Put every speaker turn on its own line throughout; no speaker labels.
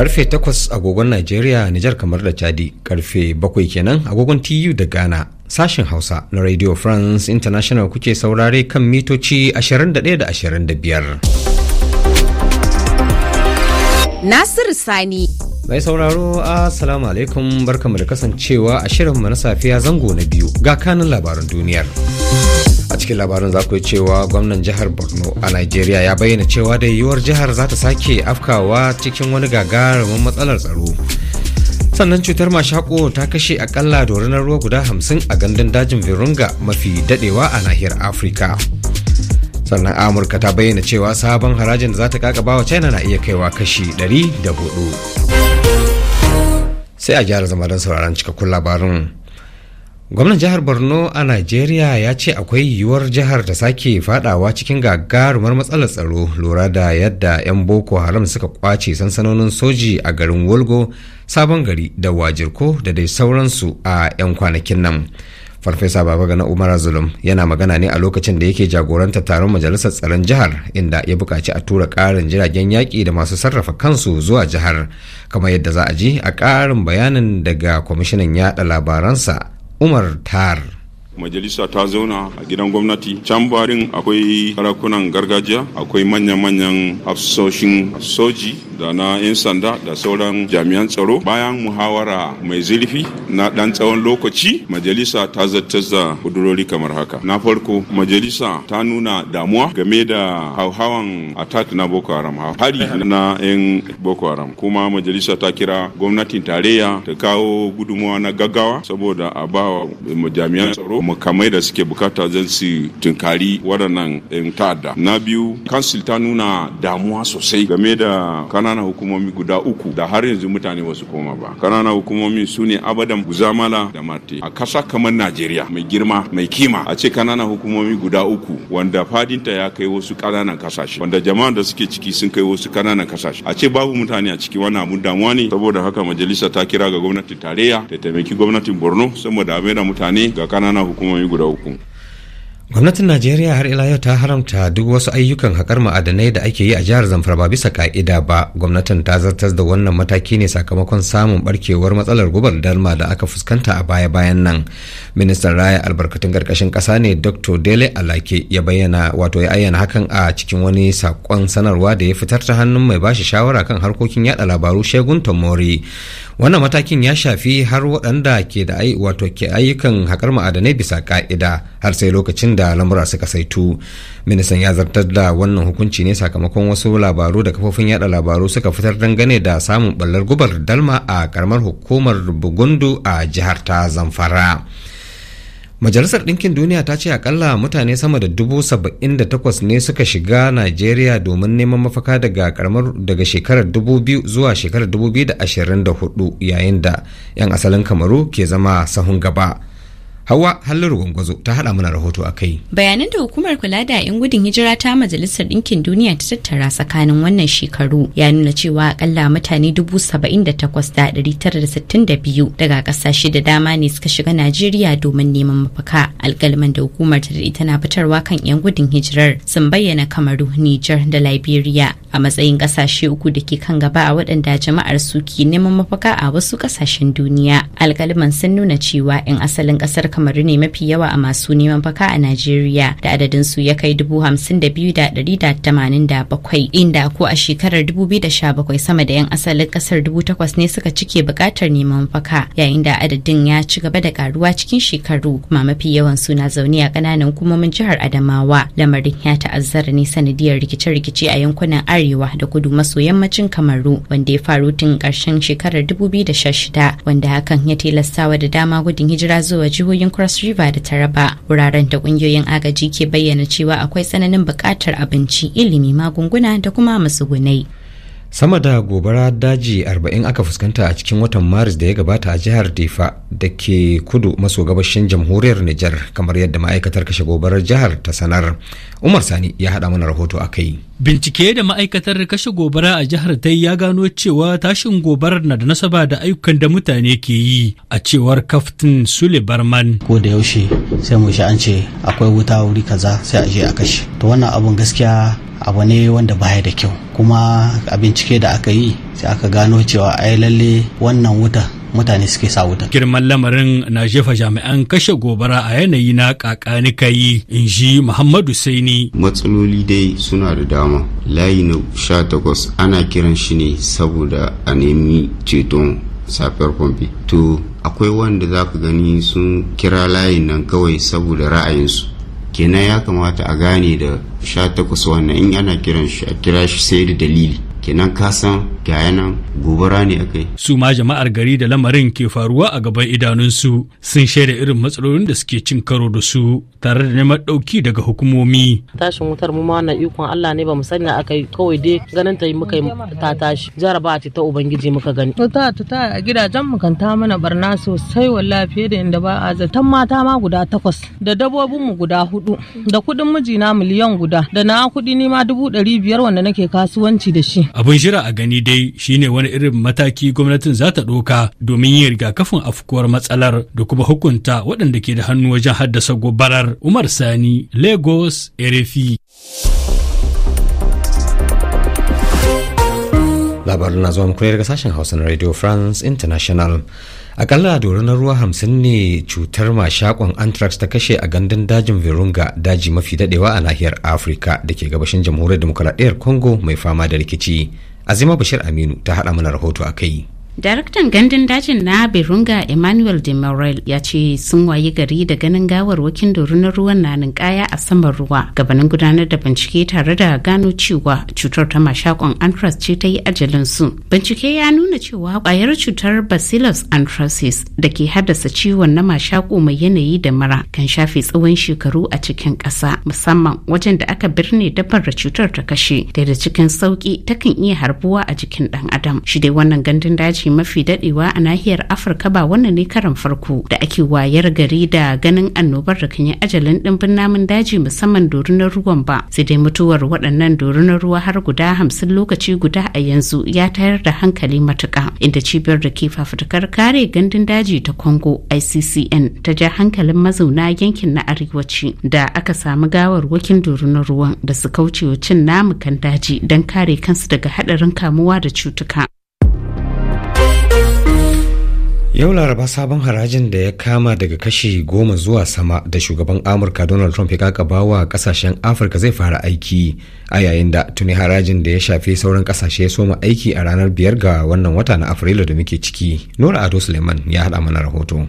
karfe takwas agogon Najeriya, Nijar kamar da Chadi, karfe bakwai kenan agogon TU da Ghana. Sashen Hausa na Radio France International kuke saurare kan mitoci 21 da 25.
Nasiru Sani
Mai sauraro Assalamu alaikum barkamu da kasancewa a shirin na safiya zango na biyu ga kanin labaran duniyar. cikin labarin za ku yi cewa gwamnan jihar borno a nigeria ya bayyana cewa da yiwuwar jihar za ta sake afkawa cikin wani gagarumin matsalar tsaro sannan cutar mashako ta kashe akalla dorinar ruwa guda hamsin a gandun dajin virunga mafi dadewa a nahiyar afirka sannan amurka ta bayyana cewa sabon harajin da za ta kakaba wa china na iya kaiwa kashi 104 sai a gyara zama don sauraron cikakkun labarin gwamnan jihar borno a nigeria ya ce akwai yiwuwar jihar da sake fadawa cikin gagarumar matsalar tsaro lura da yadda 'yan boko haram suka kwace sansanonin soji a garin wolgo sabon gari da wajirko da dai sauransu a 'yan kwanakin nan farfesa babagana umar zulum yana magana ne a lokacin da yake jagoranta taron majalisar tsaron jihar inda ya buƙaci a tura ƙarin jiragen yaƙi da masu sarrafa kansu zuwa jihar kamar yadda za a ji a ƙarin bayanin daga kwamishinan yaɗa labaransa Umar Tar.
majalisa ta zauna a gidan gwamnati can barin akwai sarakunan gargajiya akwai manya-manyan afsoshin soji da na 'yan sanda da sauran jami'an tsaro bayan muhawara mai zurfi na ɗan tsawon lokaci majalisa ta zartar da kudurori kamar haka na farko majalisa ta nuna damuwa game da hauhawan attack na boko haram hari na 'yan boko haram kuma majalisa ta kira gwamnatin tarayya ta kawo gudunmuwa na gaggawa saboda a ba jami'an tsaro makamai da suke bukata zan su tunkari waɗannan 'yan ta'adda na biyu kansil ta nuna damuwa sosai game da kana kanana hukumomi guda uku da har yanzu mutane wasu su koma ba kanana hukumomi su ne abadan guzamala da mate a kasa kamar najeriya mai girma mai kima a ce kanana hukumomi guda uku wanda fadinta ya kai wasu kananan kasashe wanda jama'an da suke ciki sun kai wasu kananan kasashe a ce babu mutane a ciki wannan abun damuwa ne saboda haka majalisa ta kira ga gwamnatin tarayya ta taimaki gwamnatin borno saboda a mutane ga kananan hukumomi guda uku
gwamnatin najeriya har ila yau ta haramta duk wasu ayyukan haƙar ma'adanai da ake yi a jihar zamfara ba bisa ka'ida ba gwamnatin ta zartas da wannan mataki ne sakamakon samun barkewar matsalar gubar dalma da aka fuskanta a baya bayan nan ministan raya albarkatun karkashin ƙasa ne dr dele alake ya bayyana wato ya ayyana hakan a cikin wani sakon sanarwa da ya fitar ta hannun mai bashi shawara kan harkokin yada labaru shegun tomori wannan matakin ya shafi har waɗanda ke da wato ke ayyukan haƙar ma'adanai bisa ka'ida har sai lokacin da lamura suka saitu ministan ya zartar da wannan hukunci ne sakamakon wasu labaru da kafofin yada labaru suka fitar dangane da samun ɓallar gubar dalma a karamar hukumar bugundu a jihar ta zamfara majalisar ɗinkin duniya ta ce akalla mutane sama da dubu saba'in da takwas ne suka shiga najeriya domin neman mafaka daga karamar daga shekarar dubu biyu zuwa shekarar dubu biyu da ashirin da hudu yayin da 'yan asalin kamaru ke zama sahun gaba Hawa Halliru Gwangwazo ta hada mana rahoto a kai.
Bayanan da hukumar kula da 'yan gudun hijira ta Majalisar Ɗinkin Duniya ta tattara tsakanin wannan shekaru ya nuna cewa akalla mutane dubu saba'in da da ɗari tara da biyu daga kasashe da dama ne suka shiga Najeriya domin neman mafaka. Alkalman da hukumar ta daɗe tana fitarwa kan 'yan gudun hijirar sun bayyana Kamaru, Nijar da Liberia a matsayin kasashe uku da ke kan gaba a waɗanda jama'ar su ke neman mafaka a wasu kasashen duniya. Alkalman sun nuna cewa 'yan asalin ƙasar kamaru ne mafi yawa a masu neman faka a najeriya da adadin su ya kai dubu hamsin da biyu da dari da tamanin da bakwai inda ko a shekarar dubu biyu da sha bakwai sama da yan asalin kasar dubu takwas ne suka cike bukatar neman faka yayin da adadin ya ci gaba da karuwa cikin shekaru kuma mafi yawan suna zaune a kananan hukumomin jihar adamawa lamarin ya ta'azzara ne sanadiyar rikice-rikice a yankunan arewa da kudu maso yammacin kamaru wanda ya faru tun karshen shekarar 2016 wanda hakan ya tilastawa da dama gudun hijira zuwa jihohin jihohin cross river da taraba wuraren da kungiyoyin agaji ke bayyana cewa akwai tsananin bukatar abinci ilimi magunguna da kuma matsugunai
sama da gobara daji 40 aka fuskanta a cikin watan maris da ya gabata a jihar Defa, da ke kudu maso gabashin jamhuriyar nijar kamar yadda ma'aikatar kashe gobarar jihar ta sanar umar sani ya haɗa mana rahoto a kai
bincike da ma'aikatar kashe gobara a jihar ta ya gano cewa tashin gobarar na da nasaba da ayyukan da mutane ke yi a cewar kaftin sule barman ko da yaushe sai mu shi an ce akwai wuta wuri kaza sai a je a kashe to wannan abun gaskiya abu ne wanda baya da kyau kuma a bincike da aka yi sai aka gano cewa ai lalle wannan wuta mutane suke sa wuta. Girman lamarin na jefa jami'an kashe gobara a yanayi na kakani kayi in ji Muhammadu Saini.
Matsaloli dai suna da dama. Layi na sha takwas ana kiran shi ne saboda a nemi ceton safiyar pompe. To akwai wanda za ka gani sun kira layin nan kawai saboda ra'ayinsu. kenan ya kamata a gane da sha takwas wannan in ana kiran shi a kira shi sai da dalili kenan ka san gaya nan gobara ne aka yi. su
ma jama'ar gari da lamarin ke faruwa a gaban idanunsu sun shaida irin matsalolin da suke cin karo da su tare da neman ɗauki daga hukumomi.
tashin wutar mu ma na ikon Allah ne ba mu sani aka yi kawai dai ganin ta yi muka yi ta tashi jaraba ce ta ubangiji muka gani. to ta ta a gidajen mu kan ta mana barna sosai wallahi fiye da inda ba a zaton mata ma guda takwas da dabobin mu guda hudu da kuɗin mijina miliyan guda da na kuɗi ni ma dubu ɗari biyar wanda nake kasuwanci da shi.
abin shira a gani dai shine wani irin mataki gwamnatin za ta ɗoka domin yin rigakafin afkuwar matsalar da kuma hukunta waɗanda ke da hannu wajen haddasa gobarar umar sani lagos erefi
labarin na zuwa muku daga sashen hausa na radio france international akalla dorinar ruwa hamsin ne cutar mashakon anthrax ta kashe a gandun dajin virunga daji mafi dadewa a nahiyar afirka da ke gabashin jamhuriyar demokuraɗiyyar congo mai fama da rikici azima bashir aminu ta haɗa mana rahoto a kai
daraktan gandun dajin na berunga emmanuel de morel ya ce sun wayi gari da ganin gawarwakin dorinar ruwan na ninkaya a saman ruwa gabanin gudanar da bincike tare da gano cewa cutar ta mashakon anthrax ce ta yi ajalin su bincike ya nuna cewa kwayar cutar bacillus anthracis da ke haddasa ciwon na mashako mai yanayi da mara kan shafe tsawon shekaru a cikin ƙasa musamman wajen da aka birne dabar da cutar ta kashe da cikin sauki takan iya harbuwa a jikin ɗan adam shi dai wannan gandun dajin farashi mafi dadewa a nahiyar afirka ba wannan ne karan farko da ake wayar gari da ganin annobar da kan yi ajalin dimbin namun daji musamman dorinar ruwan ba sai dai mutuwar waɗannan dorinar ruwa har guda hamsin lokaci guda a yanzu ya tayar da hankali matuka inda cibiyar da ke fafutukar kare gandun daji ta congo iccn ta ja hankalin mazauna yankin na arewaci da aka samu gawarwakin dorinar ruwan da su kauce wa cin namukan daji don kare kansu daga haɗarin kamuwa da cutuka
Yau Laraba sabon harajin da ya kama daga kashi goma zuwa sama da shugaban Amurka Donald Trump ya kakaba wa kasashen Afirka zai fara aiki a yayin da tuni harajin da ya shafi sauran kasashe ya soma aiki a ranar biyar ga wannan wata na Afrilu da muke ciki. Nura Ado Suleiman ya haɗa mana rahoto.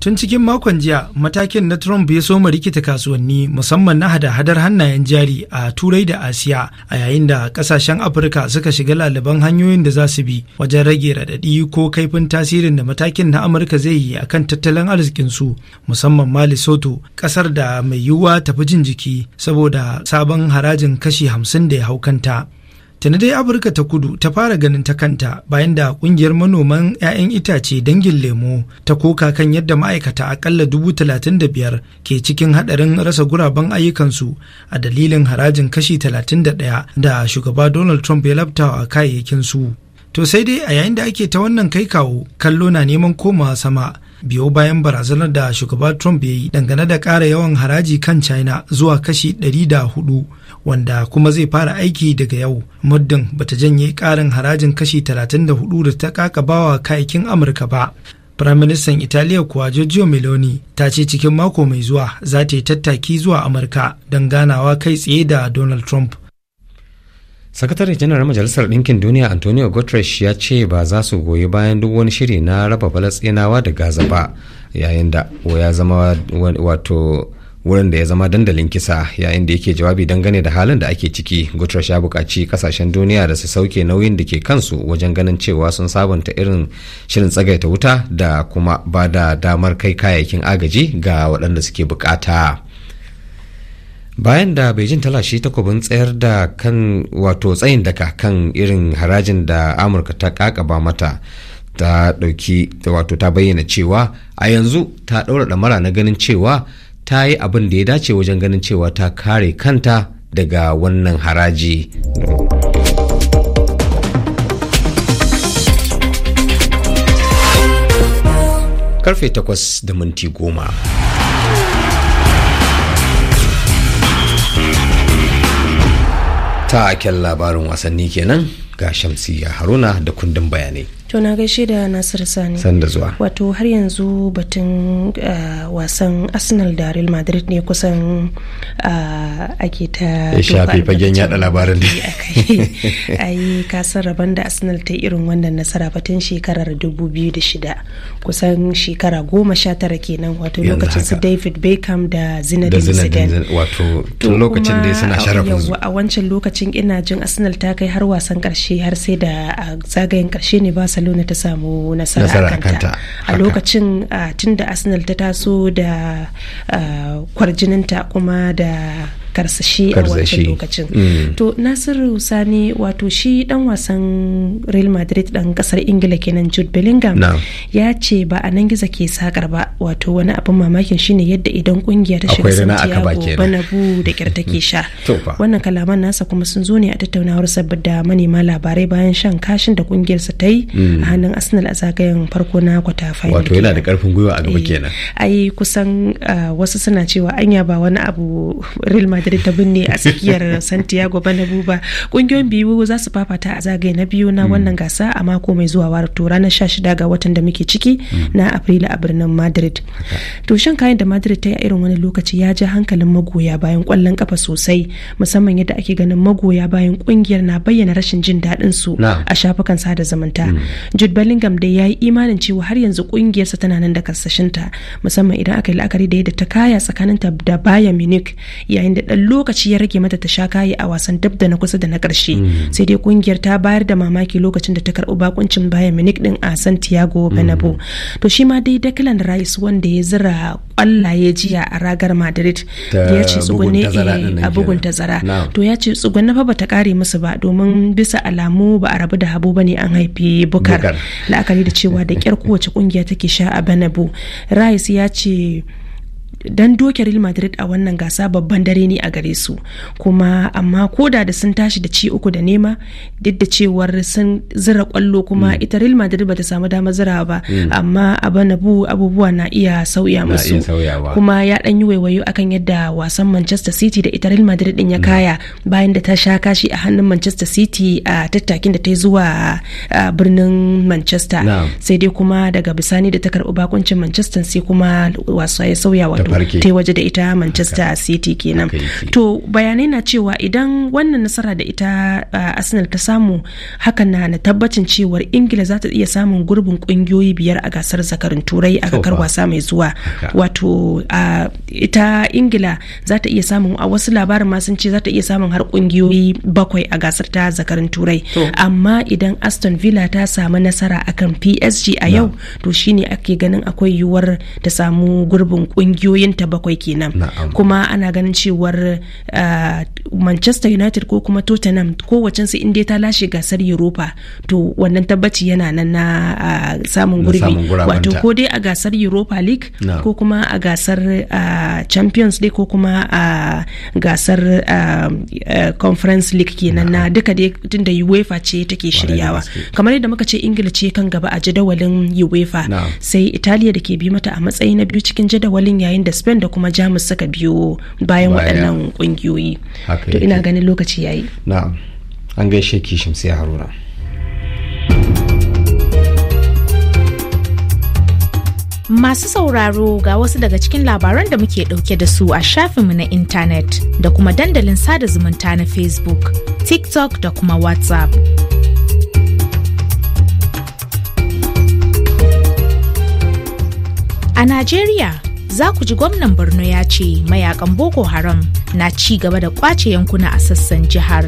tun cikin makon jiya matakin na trump ya soma rikita kasuwanni musamman na hada-hadar hannayen jari a turai da asiya a yayin da kasashen afirka suka shiga laliban hanyoyin da za su bi wajen rage raɗaɗi ko kaifin tasirin da matakin na amurka zai yi akan tattalin arzikinsu musamman ma lesotho ƙasar da mai yiwuwa tafi jin jiki saboda sabon harajin kashi hamsin da ya haukanta tuni dai afirka ta kudu ta fara ganin ta kanta bayan da kungiyar manoman 'ya'yan itace dangin lemo ta koka kan yadda ma'aikata akalla dubu talatin da biyar ke cikin hadarin rasa guraben ayyukansu a dalilin harajin kashi talatin da ɗaya da shugaba donald trump ya labtawa su. to sai dai a yayin da ake ta wannan kai kawo kallo na neman komawa sama biyo bayan barazanar da shugaba trump ya yi dangane da ƙara yawan haraji kan china zuwa kashi ɗari da hudu wanda kuma zai fara aiki daga yau muddin bata janye ƙarin harajin kashi 34 da ta ƙaƙabawa kayakin amurka ba Firaministan Italiya kuwa Giorgio Meloni ta ce cikin mako mai zuwa za ta yi tattaki zuwa Amurka don ganawa kai tsaye da Donald Trump.
Sakatare janar Majalisar Ɗinkin Duniya Antonio Guterres ya ce ba za su goyi bayan duk wani shiri na raba balas da Gaza ba yayin da ya zama wato wurin da ya zama dandalin kisa yayin da yake jawabi dangane da halin da ake ciki guterres ya buƙaci kasashen duniya da su sauke nauyin da ke kansu wajen ganin cewa sun sabunta irin shirin tsagaita wuta da kuma ba da damar kai kayayyakin agaji ga waɗanda suke buƙata bayan da beijing ta lashe takobin tsayar da kan wato tsayin daka kan irin harajin da amurka ta kakaba mata ta dauki wato ta bayyana cewa a yanzu ta ɗaura ɗamara na ganin cewa ta yi abin da ya dace wajen ganin cewa ta kare kanta daga wannan haraji. Karfe takwas da minti goma. Ta labarin wasanni kenan ga Shamsiyya Haruna da kundin bayanai.
to na gaishe da nasir sani sanda zuwa wato har yanzu batun uh, wasan arsenal da real madrid ne kusan uh, ake ta ya shafi fagen yada
labarin da
yi kasar rabon da arsenal ta irin wannan nasara batun shekarar 2006 kusan shekara goma sha tara kenan wato lokacin su david beckham da zinedine zidane
wato tun lokacin da suna sharafin su
a wancan lokacin ina jin arsenal ta kai har wasan karshe har sai da zagayen karshe ne ba na ta samu nasara a kanta a lokacin ah, tun da arsenal ta taso da ah, kwarjininta kuma da karsashi a wancan lokacin mm. to nasiru sani wato shi dan wasan real madrid dan kasar ingila kenan jude bellingham ya ce ba a nan gizo ke sakar ba wato wani abin mamakin shine yadda idan kungiya ta shiga santiago bana bu da kyar take sha wannan kalaman nasa kuma sun zo ne a tattaunawar saboda manema labarai bayan shan kashin da kungiyar sa ta yi mm. a hannun arsenal a zagayen farko na kwata final wato yana
da karfin gwiwa a gaba eh, kenan
ai kusan ah, wasu suna cewa anya ba wani abu real madrid Madrid ta binne a tsakiyar Santiago Bernabeu ba. Kungiyoyin biyu za su fafata a zagaye na biyu na mm. wannan gasa a mako mai zuwa wato ranar 16 ga watan da muke ciki mm. na Afrilu a birnin Madrid. To shan kayan da Madrid ta yi a irin wani lokaci ya ja hankalin magoya bayan kwallon kafa sosai musamman yadda ake ganin magoya bayan kungiyar na bayyana rashin jin daɗin su a shafukan sada zumunta. Mm. Jude Bellingham da ya yi imanin cewa har yanzu kungiyarsa tana nan da kasashinta musamman idan aka yi la'akari da yadda ta kaya tsakaninta da Bayern Munich yayin da dan lokaci ya rage mata ta sha kayi a wasan dab da na kusa da na karshe mm. sai dai kungiyar ta bayar da mamaki lokacin da ta karbi bakuncin bayan munich din a santiago mm. bernabeu to shi ma dai declan rice wanda ya zira kwallaye jiya a ragar madrid ya ce tsugunne eh, a bugun tazara to ya ce tsugunne fa bata kare musu ba domin bisa alamu ba a rabu da habu ba ne an haifi bukar la'akari da cewa da kyar kowace kungiya take sha a bernabeu rice ya ce dan doke real madrid a wannan gasa babban dare ne a gare su kuma amma koda da sun tashi da ci uku da nema duk da cewar sun zira kwallo kuma mm. ita real madrid bata samu dama zira ba mm. amma abanabu abubuwa na iya sauya musu kuma ya dan yi waiwayo akan yadda wasan manchester city da ita real madrid din ya mm. kaya bayan da ta sha kashi a hannun manchester city a tattakin da ta yi zuwa birnin manchester sai dai kuma daga bisani da ta karbi bakuncin manchester sai kuma wasa ya sauya wa ta waje da ita manchester okay. city kenan okay. to bayanai na cewa idan wannan nasara da ita uh, arsenal ta samu hakan na na tabbacin cewar ingila za ta iya samun gurbin kungiyoyi biyar a gasar zakarin turai a kakar wasa mai zuwa wato uh, ita ingila za ta iya samun a wasu labarin ma sun za ta iya samun har kungiyoyi bakwai a gasar ta zakarin turai amma idan aston villa ta samu nasara akan psg a yau to shine ake ganin akwai yiwuwar ta samu gurbin kungiyoyi ta bakwai kenan kuma ana ganin cewar ah, manchester united ko kuma tottenham su inda ta lashe gasar europa to wannan tabbaci yana nan na ah, samun gurbi wato ko dai a gasar europa league ko kuma a gasar ah, champions league ko kuma a gasar eh, conference league kenan na duka dai tunda uefa ce take shiryawa kamar yadda muka ce ingila ce kan gaba a jadawalin uefa sai italiya da ke bi mata a matsayi na biyu cikin jadawalin yayin da spain da kuma jamus suka biyo bayan waɗannan
ƙungiyoyi to ina ganin lokaci yayi na'am an gaishe kishin sai haruna
Masu sauraro ga wasu daga cikin labaran da muke ɗauke da su a shafinmu na intanet da kuma dandalin sada zumunta na Facebook, TikTok da kuma WhatsApp. A Najeriya, za ku ji gwamnan Borno ya ce mayakan Boko Haram na ci gaba da kwace yankuna a sassan jihar.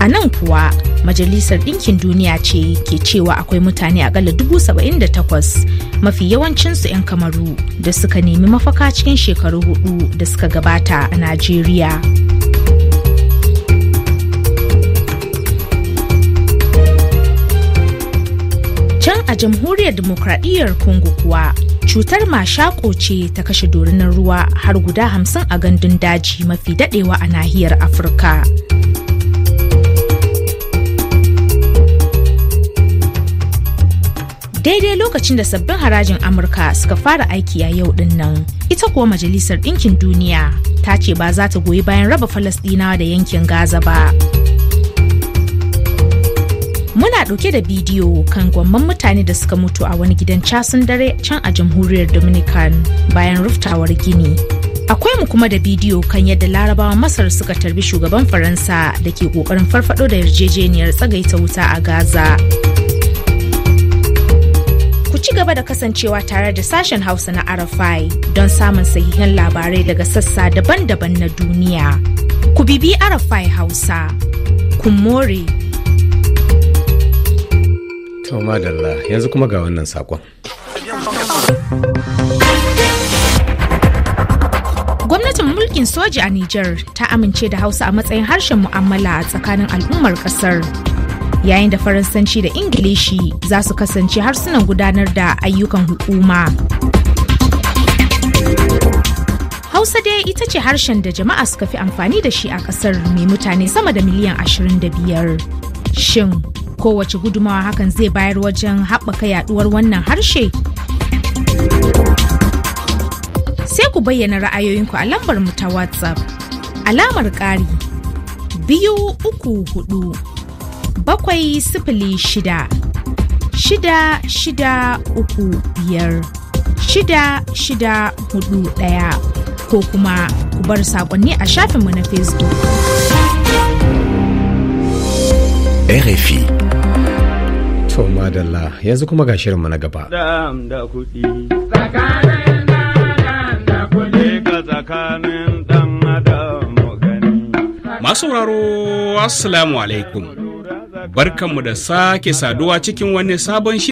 A nan kuwa Majalisar Ɗinkin Duniya ce ke cewa akwai mutane akalla takwas mafi yawancinsu 'yan kamaru da suka nemi mafaka cikin shekaru hudu da suka gabata a Najeriya. Can a jamhuriyar demokradiyyar Congo kuwa cutar mashako ce ta kashe dorinan ruwa har guda hamsin a gandun daji mafi dadewa a nahiyar Afirka. Daidai lokacin da sabbin harajin Amurka suka fara aiki a yau din nan, ita kuwa Majalisar Ɗinkin Duniya ta ce ba za ta goyi bayan raba Falasɗinawa da yankin Gaza ba. muna ɗauke da bidiyo kan gwamman mutane da suka mutu a wani gidan casun dare can a jamhuriyar dominican bayan ruftawar gini akwai mu kuma da bidiyo kan yadda larabawa masar suka tarbi shugaban faransa da ke ƙoƙarin farfaɗo da yarjejeniyar tsagaita wuta a gaza ku ci gaba da kasancewa tare da sashen hausa na arafai don samun sahihan labarai daga sassa daban-daban na duniya ku bibi arafai hausa kun more
To madalla yanzu kuma ga wannan sakon.
Gwamnatin mulkin soja a Nijar ta amince da Hausa a matsayin harshen mu'amala a tsakanin al'ummar ƙasar, Yayin da Faransanci da Ingilishi za su kasance harsunan gudanar da ayyukan hukuma. Hausa dai ita ce harshen da jama'a suka fi amfani da shi a ƙasar mai mutane sama da miliyan 25. Shin kowace gudumawa hakan zai bayar wajen haɓaka yaduwar wannan harshe sai ku bayyana ra'ayoyinku a lambar mu ta whatsapp alamar ƙari biyu uku hudu bakwai sifili shida shida shida uku biyar shida shida hudu ɗaya ko kuma ku bar saƙonni a shafinmu na facebook
RFI. To madalla yanzu kuma ga shirinmu na gaba. da kuɗi.
Masu wuraro,
Assalamu alaikum. Barkanmu da sake saduwa cikin wani sabon shi.